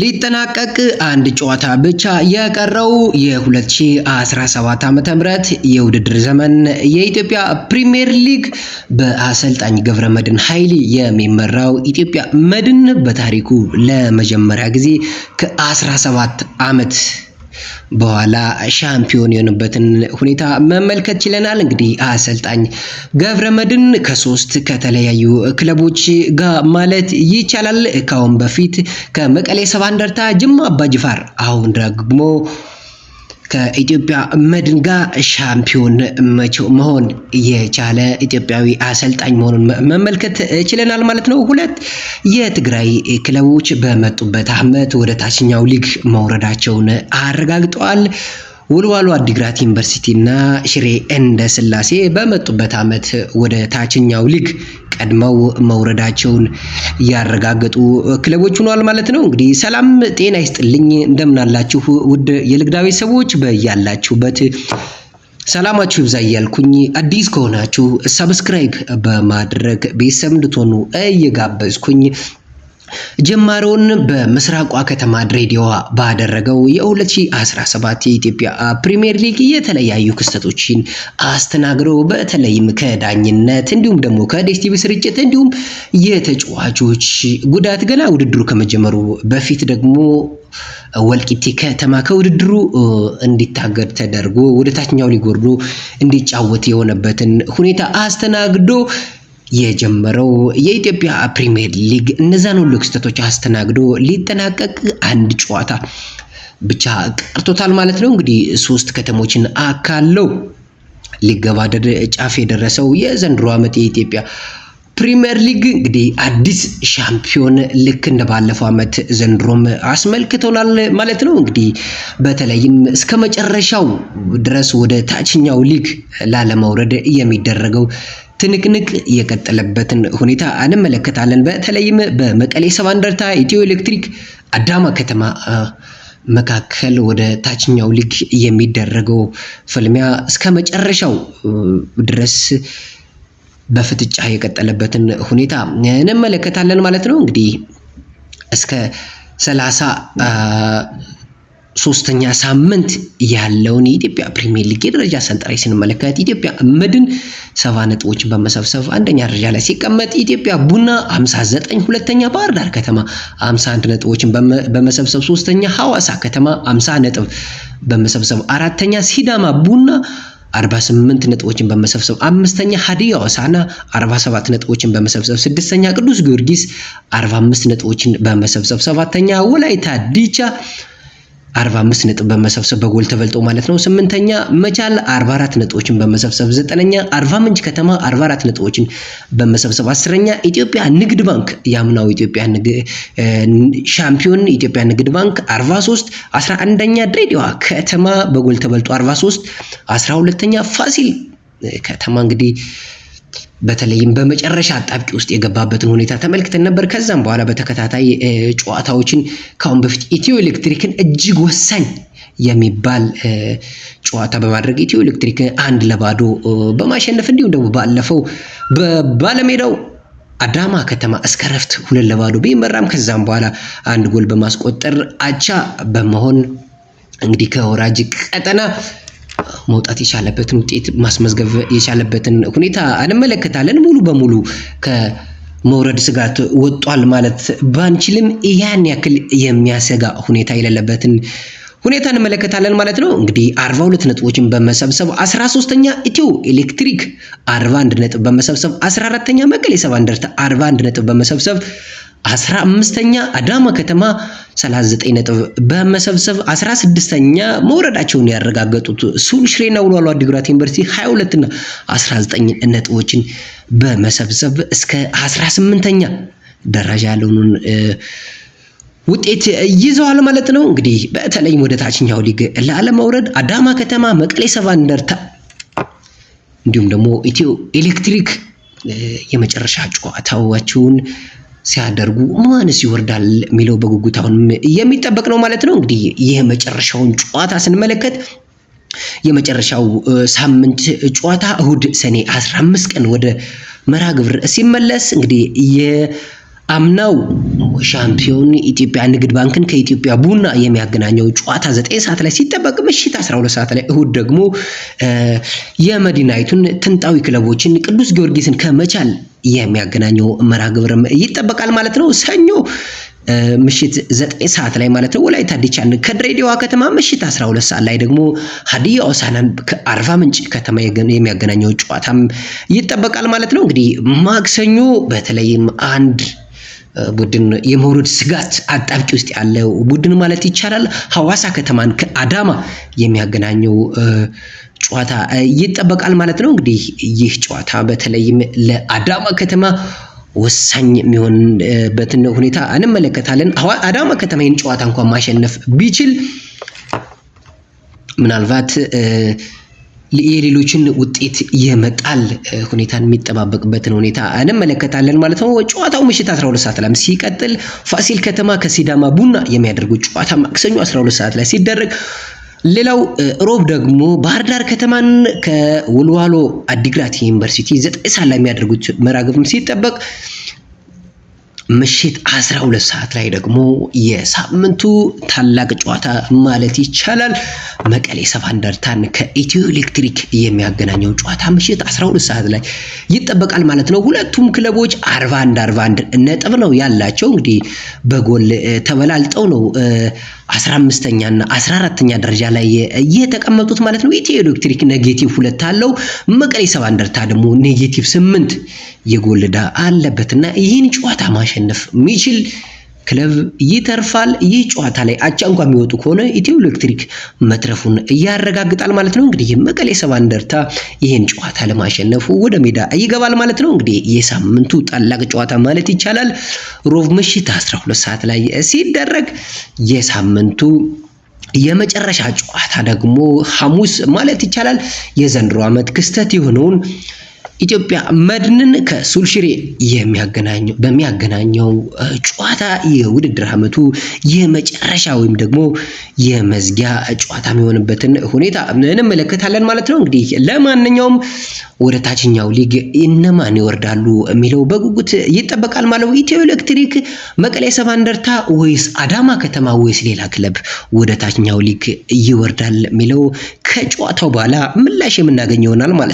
ሊጠናቀቅ አንድ ጨዋታ ብቻ የቀረው የ2017 ም የውድድር ዘመን የኢትዮጵያ ፕሪምየር ሊግ በአሰልጣኝ ገብረ መድን ኃይሌ የሚመራው ኢትዮጵያ መድን በታሪኩ ለመጀመሪያ ጊዜ ከ17 ዓመት በኋላ ሻምፒዮን የሆነበትን ሁኔታ መመልከት ችለናል። እንግዲህ አሰልጣኝ ገብረ መድን ከሶስት ከተለያዩ ክለቦች ጋር ማለት ይቻላል ከአሁን በፊት ከመቀሌ ሰባ እንደርታ፣ ጅማ አባጅፋር አሁን ደግሞ ከኢትዮጵያ መድን ጋር ሻምፒዮን መሆን የቻለ ኢትዮጵያዊ አሰልጣኝ መሆኑን መመልከት ችለናል ማለት ነው። ሁለት የትግራይ ክለቦች በመጡበት ዓመት ወደ ታችኛው ሊግ መውረዳቸውን አረጋግጠዋል። ወልዋሎ አዲግራት እና ሽሬ እንደ ስላሴ በመጡበት ዓመት ወደ ታችኛው ሊግ ቀድመው መውረዳቸውን ያረጋገጡ ክለቦች ሆኗል ማለት ነው። እንግዲህ ሰላም ጤና ይስጥልኝ፣ እንደምናላችሁ ውድ የልግዳቤ ሰዎች በያላችሁበት ሰላማችሁ ይብዛ እያልኩኝ አዲስ ከሆናችሁ ሰብስክራይብ በማድረግ ቤተሰብ እንድትሆኑ እየጋበዝኩኝ ጀማሮን በምስራቋ ከተማ ድሬዳዋ ባደረገው የ2017 የኢትዮጵያ ፕሪሚየር ሊግ የተለያዩ ክስተቶችን አስተናግዶ በተለይም ከዳኝነት እንዲሁም ደግሞ ከዴስቲቪ ስርጭት እንዲሁም የተጫዋቾች ጉዳት ገና ውድድሩ ከመጀመሩ በፊት ደግሞ ወልቂቴ ከተማ ከውድድሩ እንዲታገድ ተደርጎ ወደ ታችኛው ሊጎርዶ እንዲጫወት የሆነበትን ሁኔታ አስተናግዶ የጀመረው የኢትዮጵያ ፕሪሚየር ሊግ እነዛን ሁሉ ክስተቶች አስተናግዶ ሊጠናቀቅ አንድ ጨዋታ ብቻ ቀርቶታል ማለት ነው። እንግዲህ ሶስት ከተሞችን አካለው ሊገባደድ ጫፍ የደረሰው የዘንድሮ ዓመት የኢትዮጵያ ፕሪሚየር ሊግ እንግዲህ አዲስ ሻምፒዮን ልክ እንደ ባለፈው ዓመት ዘንድሮም አስመልክቶናል ማለት ነው። እንግዲህ በተለይም እስከ መጨረሻው ድረስ ወደ ታችኛው ሊግ ላለመውረድ የሚደረገው ትንቅንቅ የቀጠለበትን ሁኔታ እንመለከታለን። በተለይም በመቀሌ ሰባ እንደርታ ኢትዮ ኤሌክትሪክ አዳማ ከተማ መካከል ወደ ታችኛው ሊግ የሚደረገው ፍልሚያ እስከ መጨረሻው ድረስ በፍጥጫ የቀጠለበትን ሁኔታ እንመለከታለን ማለት ነው። እንግዲህ እስከ ሰላሳ ሶስተኛ ሳምንት ያለውን የኢትዮጵያ ፕሪሚየር ሊግ የደረጃ ሰንጠረዥ ስንመለከት ኢትዮጵያ መድን ሰባ ነጥቦችን በመሰብሰብ አንደኛ ደረጃ ላይ ሲቀመጥ ኢትዮጵያ ቡና 59፣ ሁለተኛ ባህር ዳር ከተማ 51 ነጥቦችን በመሰብሰብ ሶስተኛ፣ ሐዋሳ ከተማ 50 ነጥብ በመሰብሰብ አራተኛ፣ ሲዳማ ቡና 48 ነጥቦችን በመሰብሰብ አምስተኛ ሀዲያ ሆሳዕና 47 ነጥቦችን በመሰብሰብ ስድስተኛ ቅዱስ ጊዮርጊስ 45 ነጥቦችን በመሰብሰብ ሰባተኛ ወላይታ ዲቻ 45 ነጥብ በመሰብሰብ በጎል ተበልጦ ማለት ነው። ስምንተኛ መቻል 44 ነጥቦችን በመሰብሰብ፣ ዘጠነኛ አርባ ምንጭ ከተማ 44 ነጥቦችን በመሰብሰብ፣ አስረኛ ኢትዮጵያ ንግድ ባንክ ያምናው ኢትዮጵያ ሻምፒዮን ኢትዮጵያ ንግድ ባንክ 43፣ 11ኛ ድሬዳዋ ከተማ በጎል ተበልጦ 43፣ 12ኛ ፋሲል ከተማ እንግዲህ በተለይም በመጨረሻ አጣብቂ ውስጥ የገባበትን ሁኔታ ተመልክተን ነበር። ከዛም በኋላ በተከታታይ ጨዋታዎችን ከአሁን በፊት ኢትዮ ኤሌክትሪክን እጅግ ወሳኝ የሚባል ጨዋታ በማድረግ ኢትዮ ኤሌክትሪክ አንድ ለባዶ በማሸነፍ እንዲሁም ደግሞ ባለፈው በባለሜዳው አዳማ ከተማ እስከ ረፍት ሁለት ለባዶ ቢመራም ከዛም በኋላ አንድ ጎል በማስቆጠር አቻ በመሆን እንግዲህ ከወራጅ ቀጠና መውጣት የቻለበትን ውጤት ማስመዝገብ የቻለበትን ሁኔታ እንመለከታለን። ሙሉ በሙሉ ከመውረድ ስጋት ወጧል ማለት ባንችልም ያን ያክል የሚያሰጋ ሁኔታ የሌለበትን ሁኔታ እንመለከታለን ማለት ነው። እንግዲህ 42 ነጥቦችን በመሰብሰብ 13ኛ ኢትዮ ኤሌክትሪክ 41 ነጥብ በመሰብሰብ 14ኛ መቀሌ ሰባ እንደርታ 41 ነጥብ በመሰብሰብ 15ኛ አዳማ ከተማ 39 ነጥብ በመሰብሰብ 16ኛ መውረዳቸውን ያረጋገጡት ሱን ሽሬና ውሏሉ አዲግራት ዩኒቨርሲቲ 22 እና 19 ነጥቦችን በመሰብሰብ እስከ 18ኛ ደረጃ ያለውን ውጤት ይዘዋል ማለት ነው። እንግዲህ በተለይም ወደ ታችኛው ሊግ ላለመውረድ አዳማ ከተማ፣ መቀሌ ሰባ እንደርታ እንዲሁም ደግሞ ኢትዮ ኤሌክትሪክ የመጨረሻ ጨዋታዎቻቸውን ሲያደርጉ ማንስ ይወርዳል የሚለው በጉጉት አሁንም የሚጠበቅ ነው ማለት ነው። እንግዲህ ይህ መጨረሻውን ጨዋታ ስንመለከት የመጨረሻው ሳምንት ጨዋታ እሁድ ሰኔ 15 ቀን ወደ መርሃ ግብር ሲመለስ እንግዲህ የአምናው ሻምፒዮን ኢትዮጵያ ንግድ ባንክን ከኢትዮጵያ ቡና የሚያገናኘው ጨዋታ 9 ሰዓት ላይ ሲጠበቅ ምሽት 12 ሰዓት ላይ እሁድ ደግሞ የመዲናይቱን ጥንታዊ ክለቦችን ቅዱስ ጊዮርጊስን ከመቻል የሚያገናኘው መርሃ ግብርም ይጠበቃል ማለት ነው። ሰኞ ምሽት ዘጠኝ ሰዓት ላይ ማለት ነው ወላይታ ዲቻን ከድሬዳዋ ከተማ፣ ምሽት 12 ሰዓት ላይ ደግሞ ሀዲያ ሆሳዕናን ከአርባ ምንጭ ከተማ የሚያገናኘው ጨዋታም ይጠበቃል ማለት ነው። እንግዲህ ማክሰኞ በተለይም አንድ ቡድን የመውረድ ስጋት አጣብቂ ውስጥ ያለው ቡድን ማለት ይቻላል ሐዋሳ ከተማን ከአዳማ የሚያገናኘው ጨዋታ ይጠበቃል ማለት ነው። እንግዲህ ይህ ጨዋታ በተለይም ለአዳማ ከተማ ወሳኝ የሚሆንበትን ሁኔታ እንመለከታለን። አዳማ ከተማ ይህን ጨዋታ እንኳን ማሸነፍ ቢችል ምናልባት የሌሎችን ውጤት የመጣል ሁኔታን የሚጠባበቅበትን ሁኔታ እንመለከታለን ማለት ነው። ጨዋታው ምሽት 12 ሰዓት ላይ ሲቀጥል ፋሲል ከተማ ከሲዳማ ቡና የሚያደርጉት ጨዋታ ማክሰኞ 12 ሰዓት ላይ ሲደረግ ሌላው ሮብ ደግሞ ባህር ዳር ከተማን ከወልዋሎ አዲግራት ዩኒቨርሲቲ ዘጠኝ ሰዓት ላይ የሚያደርጉት መርሃ ሲጠበቅ ምሽት 12 ሰዓት ላይ ደግሞ የሳምንቱ ታላቅ ጨዋታ ማለት ይቻላል መቀሌ ሰባ እንደርታን ከኢትዮ ኤሌክትሪክ የሚያገናኘው ጨዋታ ምሽት 12 ሰዓት ላይ ይጠበቃል ማለት ነው። ሁለቱም ክለቦች 41 41 ነጥብ ነው ያላቸው። እንግዲህ በጎል ተበላልጠው ነው አስራ አምስተኛና አስራ አራተኛ ደረጃ ላይ የተቀመጡት ማለት ነው። ኢትዮ ኤሌክትሪክ ኔጌቲቭ ሁለት አለው። መቀሌ ሰባ እንደርታ ደግሞ ኔጌቲቭ ስምንት የጎልዳ አለበትና ይህን ጨዋታ ማሸነፍ የሚችል ክለብ ይተርፋል። ይህ ጨዋታ ላይ አቻ እንኳ የሚወጡ ከሆነ ኢትዮ ኤሌክትሪክ መትረፉን ያረጋግጣል ማለት ነው። እንግዲህ መቀሌ ሰባ እንደርታ ይህን ጨዋታ ለማሸነፉ ወደ ሜዳ ይገባል ማለት ነው። እንግዲህ የሳምንቱ ታላቅ ጨዋታ ማለት ይቻላል ሮብ ምሽት 12 ሰዓት ላይ ሲደረግ የሳምንቱ የመጨረሻ ጨዋታ ደግሞ ሐሙስ ማለት ይቻላል የዘንድሮ ዓመት ክስተት የሆነውን ኢትዮጵያ መድንን ከሱልሽሬ በሚያገናኘው ጨዋታ የውድድር ዓመቱ የመጨረሻ ወይም ደግሞ የመዝጊያ ጨዋታ የሚሆንበትን ሁኔታ እንመለከታለን ማለት ነው። እንግዲህ ለማንኛውም ወደ ታችኛው ሊግ እነማን ይወርዳሉ የሚለው በጉጉት ይጠበቃል ማለት ነው። ኢትዮ ኤሌክትሪክ፣ መቀሌ ሰባ እንደርታ ወይስ አዳማ ከተማ ወይስ ሌላ ክለብ ወደ ታችኛው ሊግ ይወርዳል የሚለው ከጨዋታው በኋላ ምላሽ የምናገኝ ይሆናል ማለት ነው።